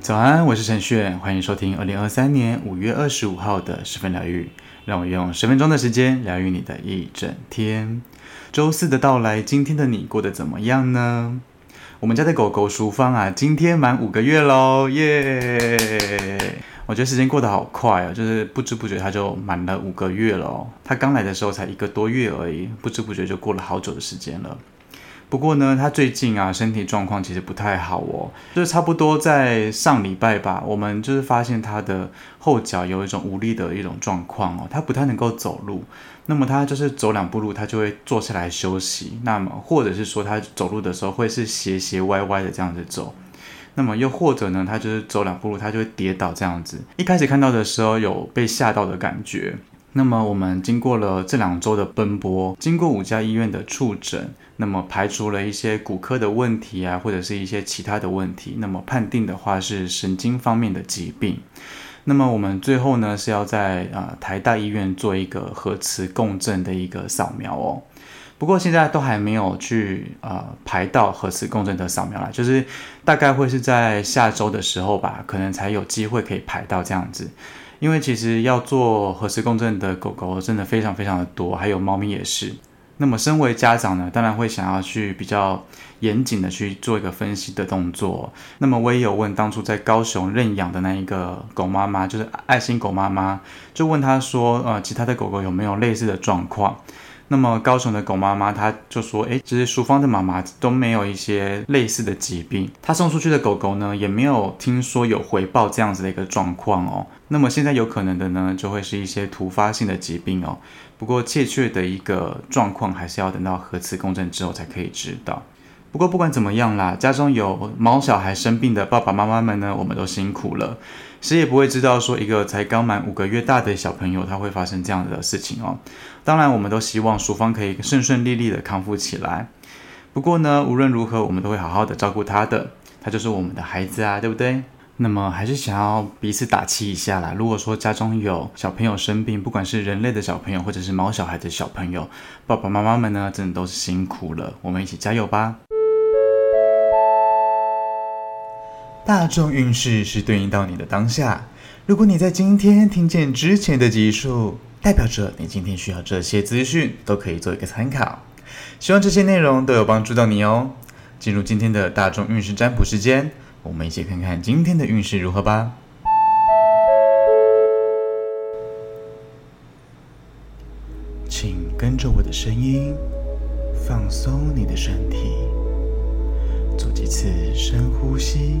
早安，我是陳旭。歡迎收聽二零二三年五月二十五號的十分療癒。讓我用十分鐘的時間療癒你的一整天。週四的到來，今天的你過得怎麼樣呢？我們家的狗狗淑芳啊，今天滿五個月嘍，耶、yeah!！我覺得時間過得好快哦，就是不知不覺他就滿了五個月了哦。他剛來的時候才一個多月而已，不知不覺就過了好久的時間了。不過呢，他最近啊身體狀況其實不太好哦，就是差不多在上禮拜吧，我們就是發現他的後腳有一種無力的一種狀況哦，他不太能夠走路。那麼他就是走兩步路，他就會坐下來休息。那麼或者是說他走路的時候會是斜斜歪歪的這樣子走。那麼又或者呢，他就是走兩步路，他就會跌倒這樣子。一開始看到的時候有被嚇到的感覺。那麼我們經過了這兩周的奔波，經過五家醫院的觸診，那麼排除了一些骨科的問題啊，或者是一些其他的問題，那麼判定的話是神經方面的疾病。那麼我們最後呢是要在，呃，台大醫院做一個核磁共振的一個掃描哦。不過現在都還沒有去呃排到核磁共振的掃描啦，就是大概會是在下週的時候吧，可能才有機會可以排到這樣子。因為其實要做核磁共振的狗狗真的非常非常的多，還有貓咪也是。那麼身為家長呢，當然會想要去比較嚴謹的去做一個分析的動作。那麼我也有問當初在高雄認養的那一個狗媽媽，就是愛心狗媽媽，就問她說，呃，其他的狗狗有沒有類似的狀況？那麼高雄的狗媽媽她就說：“誒，其實淑芳的媽媽都沒有一些類似的疾病，她送出去的狗狗呢也沒有聽說有回報這樣子的一個狀況哦。那麼現在有可能的呢，就會是一些突發性的疾病哦。不過確切的一個狀況還是要等到核磁共振之後才可以知道。不過不管怎麼樣啦，家中有毛小孩生病的爸爸媽媽們呢，我們都辛苦了，誰也不會知道說一個才剛滿五個月大的小朋友他會發生這樣子的事情哦。”當然，我們都希望淑芳可以順順利利的康復起來。不過呢，無論如何，我們都會好好的照顧她的。她就是我們的孩子啊，對不對？那麼還是想要彼此打氣一下啦。如果說家中有小朋友生病，不管是人類的小朋友，或者是毛小孩的小朋友，爸爸媽媽們呢，真的都是辛苦了。我們一起加油吧！大眾運勢是對應到你的當下。如果你在今天聽見之前的集數。代表着你今天需要這些資訊都可以做一個參考，希望這些內容都有幫助到你哦。進入今天的大眾運勢占卜時間，我們一起看看今天的運勢如何吧。請跟着我的聲音，放鬆你的身體，做幾次深呼吸。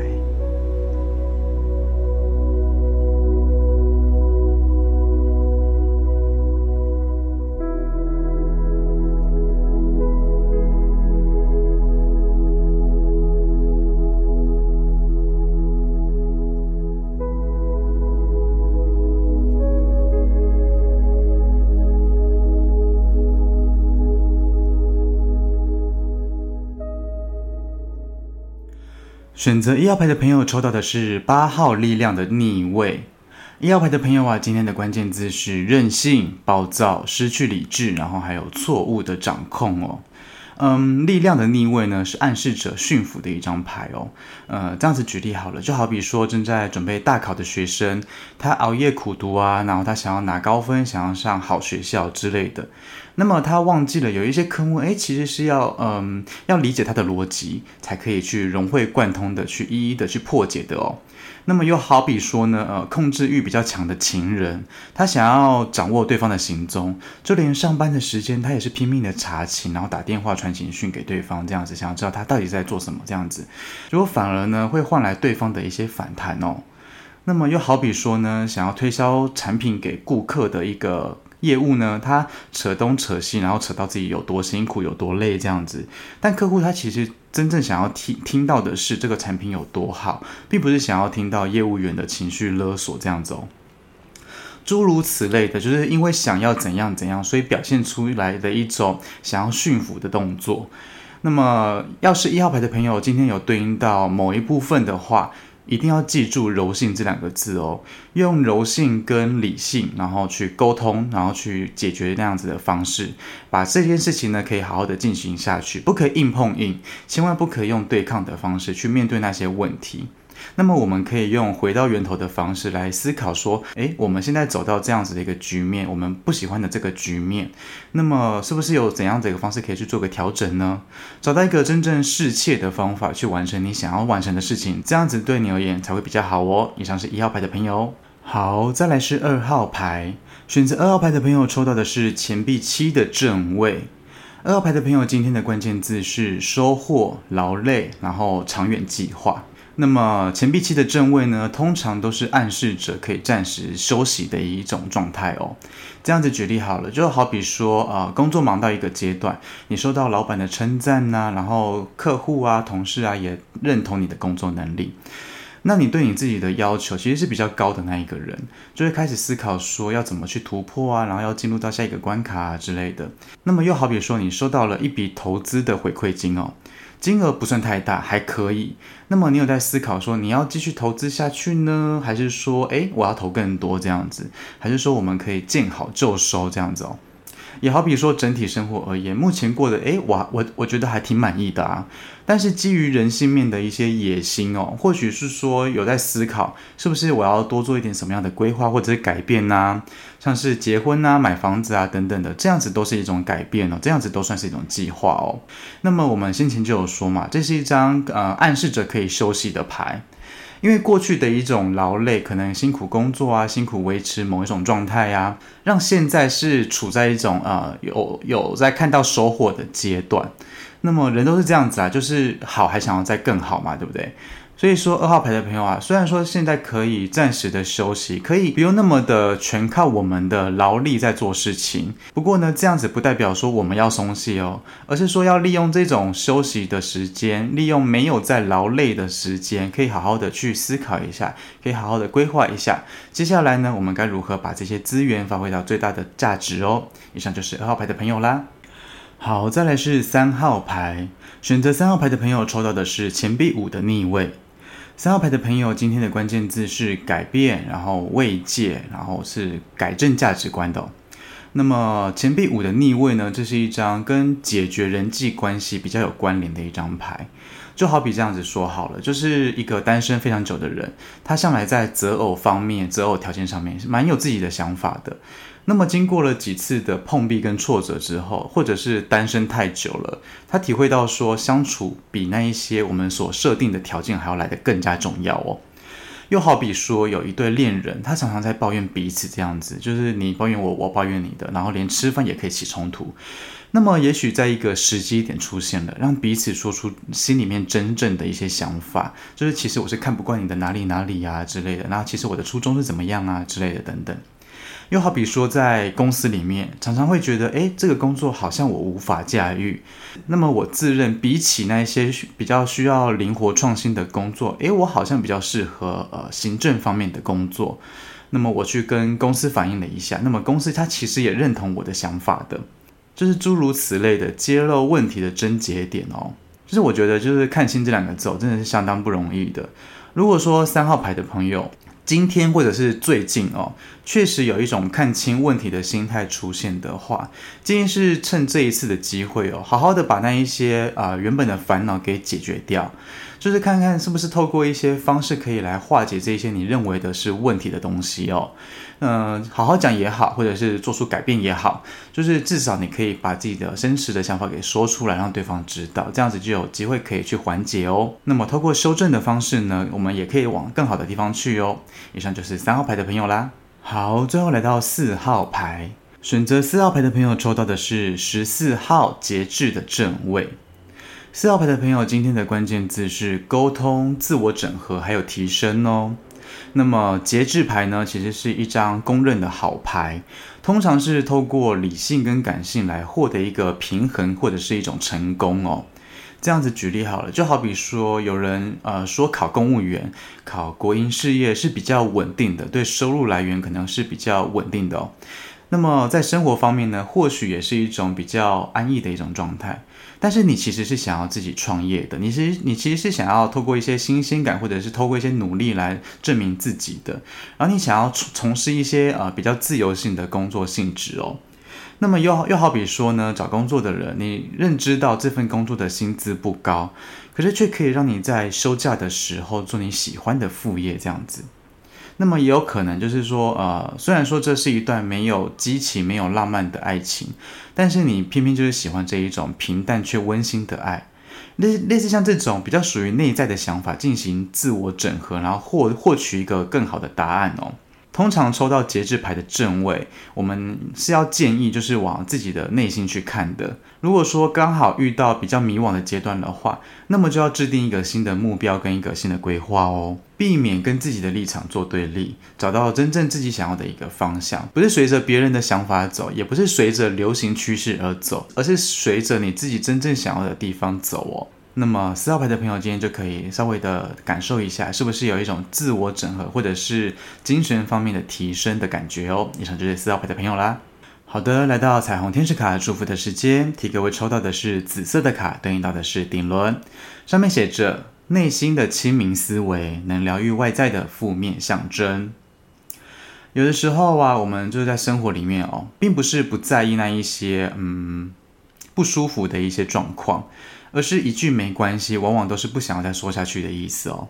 選擇一號牌的朋友抽到的是八號力量的逆位，一號牌的朋友啊，今天的關鍵字是任性、暴躁、失去理智，然後還有錯誤的掌控哦。嗯，力量的逆位呢，是暗示著馴服的一張牌哦。呃，這樣子舉例好了，就好比說正在準備大考的學生，他熬夜苦讀啊，然後他想要拿高分，想要上好學校之類的。那麼他忘記了有一些科目，哎，其實是要嗯、呃，要理解他的邏輯，才可以去融會貫通的去一一的去破解的哦。那麼又好比說呢，呃，控制欲比較強的情人，他想要掌握對方的行蹤，就連上班的時間他也是拼命的查勤，然後打電話傳簡訊給對方，這樣子想要知道他到底在做什麼，這樣子，如果反而呢會換來對方的一些反彈哦。那麼又好比說呢，想要推銷產品給顧客的一個。業務呢，他扯東扯西，然後扯到自己有多辛苦，有多累這樣子。但客戶他其實真正想要聽聽到的是這個產品有多好，並不是想要聽到業務員的情緒勒索這樣子哦。諸如此類的，就是因為想要怎樣怎樣，所以表現出來的一種想要馴服的動作。那麼要是一號牌的朋友今天有對應到某一部分的話。一定要記住“柔性”這兩個字哦，用柔性跟理性，然後去溝通，然後去解決那樣子的方式，把這件事情呢，可以好好的進行下去，不可以硬碰硬，千萬不可以用對抗的方式去面對那些問題。那麼我們可以用回到源頭的方式來思考，說，哎，我們現在走到這樣子的一個局面，我們不喜歡的這個局面，那麼是不是有怎樣的一個方式可以去做個調整呢？找到一個真正適切的方法去完成你想要完成的事情，這樣子對你而言才會比較好哦。以上是一號牌的朋友，好，再來是二號牌，選擇二號牌的朋友抽到的是錢幣七的正位，二號牌的朋友今天的關鍵字是收穫、勞累，然後長遠計劃。那麼錢幣七的正位呢，通常都是暗示着可以暫時休息的一種狀態哦。這樣子舉例好了，就好比說，呃，工作忙到一個階段，你收到老闆的稱讚吶，然後客戶啊、同事啊也認同你的工作能力，那你對你自己的要求其實是比較高的那一個人，就會、是、開始思考說要怎麼去突破啊，然後要進入到下一個關卡啊之類的。那麼又好比說，你收到了一筆投資的回饋金哦。金額不算太大，還可以。那麼你有在思考說你要繼續投資下去呢，還是說，誒、欸、我要投更多這樣子，還是說我們可以見好就收這樣子哦？也好比說整體生活而言，目前過得誒，我我我覺得還挺滿意的啊。但是基於人性面的一些野心哦，或許是說有在思考，是不是我要多做一點什麼樣的規劃或者是改變呢、啊？像是結婚吶、啊、買房子啊等等的，這樣子都是一種改變哦，這樣子都算是一種計劃哦。那麼我們先前就有說嘛，這是一張呃暗示着可以休息的牌。因為過去的一種勞累，可能辛苦工作啊，辛苦維持某一種狀態呀、啊，讓現在是處在一種呃有有在看到收穫的階段。那麼人都是這樣子啊，就是好還想要再更好嘛，對不對？所以說二號牌的朋友啊，雖然說現在可以暫時的休息，可以不用那麼的全靠我們的勞力在做事情，不過呢，這樣子不代表說我們要鬆懈哦，而是說要利用這種休息的時間，利用沒有在勞累的時間，可以好好的去思考一下，可以好好的規劃一下。接下來呢，我們該如何把這些資源發揮到最大的價值哦。以上就是二號牌的朋友啦，好，再來是三號牌，選擇三號牌的朋友抽到的是錢幣五的逆位。三號牌的朋友，今天的關鍵字是改變，然後慰藉，然後是改正價值觀的哦。那麼錢幣五的逆位呢？這是一張跟解決人際關係比較有關聯的一張牌，就好比這樣子說好了，就是一個單身非常久的人，他向來在擇偶方面、擇偶條件上面是蠻有自己的想法的。那麼經過了幾次的碰壁跟挫折之後，或者是單身太久了，他體會到說相處比那一些我們所設定的條件還要來得更加重要哦。又好比說有一對戀人，他常常在抱怨彼此這樣子，就是你抱怨我，我抱怨你的，然後連吃飯也可以起衝突。那麼也許在一個時機點出現了，讓彼此說出心裡面真正的一些想法，就是其實我是看不慣你的哪裡哪裡呀、啊、之類的，那其實我的初衷是怎麼樣啊之類的等等。又好比說，在公司裡面，常常會覺得，哎，這個工作好像我無法駕馭。那麼我自認比起那些比較需要靈活創新的工作，哎，我好像比較適合呃行政方面的工作。那麼我去跟公司反映了一下，那麼公司它其實也認同我的想法的。就是諸如此類的揭露問題的症結點哦，就是我覺得就是看清這兩個字，哦，真的是相當不容易的。如果說三號牌的朋友。今天或者是最近哦，確實有一種看清問題的心態出現的話，建議是趁這一次的機會哦，好好的把那一些啊、呃、原本的煩惱給解決掉，就是看看是不是透過一些方式可以來化解這些你認為的是問題的東西哦。嗯、呃，好好講也好，或者是做出改變也好，就是至少你可以把自己的真實的想法給說出來，讓對方知道，這樣子就有機會可以去緩解哦。那麼透過修正的方式呢，我們也可以往更好的地方去哦。以上就是三號牌的朋友啦。好，最後來到四號牌，選擇四號牌的朋友抽到的是十四號節制的正位。四號牌的朋友今天的關鍵字是溝通、自我整合還有提升哦。那麼節制牌呢，其實是一張公認的好牌，通常是透過理性跟感性來獲得一個平衡或者是一種成功哦。這樣子舉例好了，就好比說，有人呃說考公務員、考國營事業是比較穩定的，對收入來源可能是比較穩定的哦。那麼在生活方面呢，或許也是一種比較安逸的一種狀態。但是你其實是想要自己創業的，你其實你其實是想要透過一些新鮮感，或者是透過一些努力來證明自己的。然後你想要從從事一些呃比較自由性的工作性質哦。那麼又又好比說呢，找工作的人，你認知到這份工作的薪資不高，可是卻可以讓你在休假的時候做你喜歡的副業這樣子。那麼也有可能就是說，呃，雖然說這是一段沒有激情、沒有浪漫的愛情，但是你偏偏就是喜歡這一種平淡卻溫馨的愛。類類似像這種比較屬於內在的想法進行自我整合，然後獲獲取一個更好的答案哦。通常抽到節制牌的正位，我們是要建議就是往自己的內心去看的。如果說剛好遇到比較迷惘的階段的話，那麼就要制定一個新的目標跟一個新的規劃哦，避免跟自己的立場做對立，找到真正自己想要的一個方向。不是隨着別人的想法走，也不是隨着流行趨勢而走，而是隨着你自己真正想要的地方走哦。那麼四號牌的朋友今天就可以稍微的感受一下，是不是有一種自我整合或者是精神方面的提升的感覺哦？以上就是四號牌的朋友啦。好的，來到彩虹天使卡祝福的時間，替各位抽到的是紫色的卡，對應到的是頂輪，上面寫着內心的清明思維能療愈外在的負面象徵。有的時候啊，我們就是在生活裡面哦，並不是不在意那一些嗯不舒服的一些狀況。而是一句沒關係，往往都是不想要再說下去的意思哦。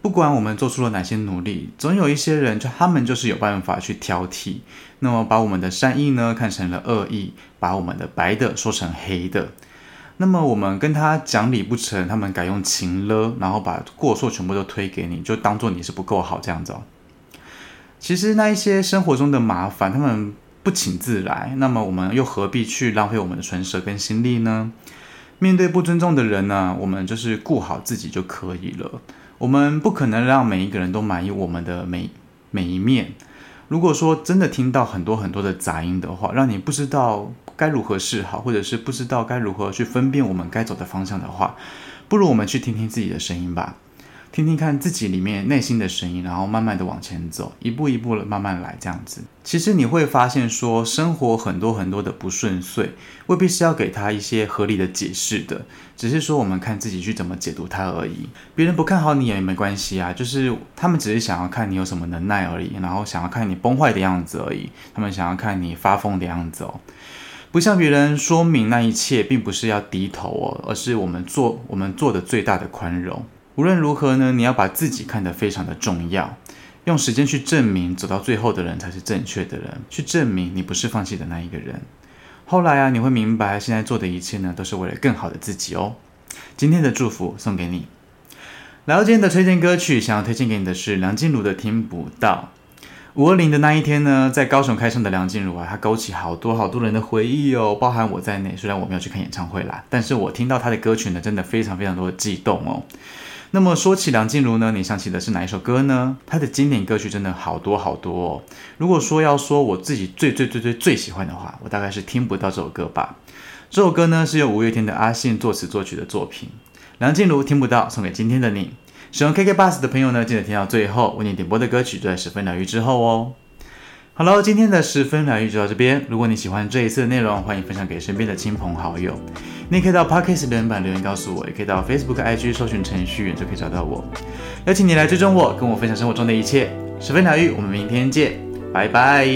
不管我們做出了哪些努力，總有一些人，就他們就是有辦法去挑剔，那麼把我們的善意呢，看成了惡意，把我們的白的說成黑的。那麼我們跟他講理不成，他們改用情勒，然後把過錯全部都推給你，就當做你是不夠好這樣子哦。其實那一些生活中的麻煩，他們不請自來，那麼我們又何必去浪費我們的唇舌跟心力呢？面對不尊重的人呢，我們就是顧好自己就可以了。我們不可能讓每一個人都滿意我們的每每一面。如果說真的聽到很多很多的雜音的話，讓你不知道該如何是好，或者是不知道該如何去分辨我們該走的方向的話，不如我們去聽聽自己的聲音吧。聽聽看自己裡面內心的聲音，然後慢慢的往前走，一步一步的慢慢來，這樣子，其實你會發現說，生活很多很多的不順遂，未必是要給他一些合理的解釋的，只是說我們看自己去怎麼解讀它而已。別人不看好你也沒關係啊，就是他們只是想要看你有什麼能耐而已，然後想要看你崩壞的樣子而已，他們想要看你發瘋的樣子哦。不向別人說明那一切，並不是要低頭哦，而是我們做我們做的最大的寬容。無論如何呢，你要把自己看得非常的重要，用時間去證明走到最後的人才是正確的人，去證明你不是放棄的那一個人。後來啊，你會明白，現在做的一切呢，都是為了更好的自己哦。今天的祝福送給你。來到今天的推薦歌曲，想要推薦給你的是梁靜茹的《聽不到》。五二零的那一天呢，在高雄開唱的梁靜茹啊，她勾起好多好多人的回憶哦，包含我在內。雖然我沒有去看演唱會啦，但是我聽到她的歌曲呢，真的非常非常多的激動哦。那麼說起梁靜茹呢，你想起的是哪一首歌呢？她的經典歌曲真的好多好多哦。如果說要說我自己最最最最最喜歡的話，我大概是聽不到這首歌吧。這首歌呢是由五月天的阿信作詞作曲的作品，梁靜茹聽不到，送給今天的你。喜歡 KK Bus 的朋友呢，記得聽到最後，為你點播的歌曲就在十分療癒之後哦。Hello，今天的十分療癒就到這邊。如果你喜歡這一次的內容，歡迎分享給身邊的親朋好友。你也可以到 Pocket 的留言板留言告訴我，也可以到 Facebook IG 搜尋程序員就可以找到我，邀請你來追蹤我，跟我分享生活中的一切。十分療癒，我們明天見，拜拜。